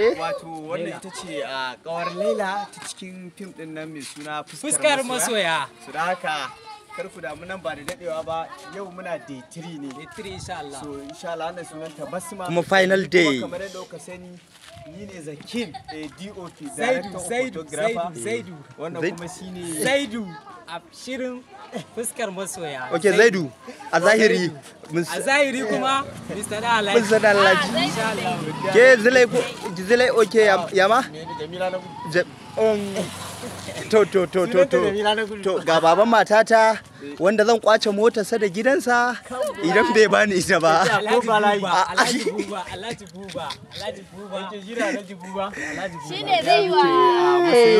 Eh? wato wannan ita ce a ah, kawar laila ta cikin fim din nan mai suna fuskar masoya su da haka karku da nan ba da dadewa ba yau muna day 3 ne day 3 insha Allah so insha Allah wannan sunan ta basma kuma final day kamar yadda kuka sani ni ne zakin eh, DOP Zaidu wannan kuma shine Zaidu a shirin fuskar masoya okay Zaidu a zahiri a zahiri kuma mr dalaji mr dalaji ke zilai zilai oke yama to to to to to to ga baban matata wanda zan kwace motarsa da gidansa idan bai bani ita ba alhaji buba alhaji buba alhaji buba alhaji buba shine zai yi wa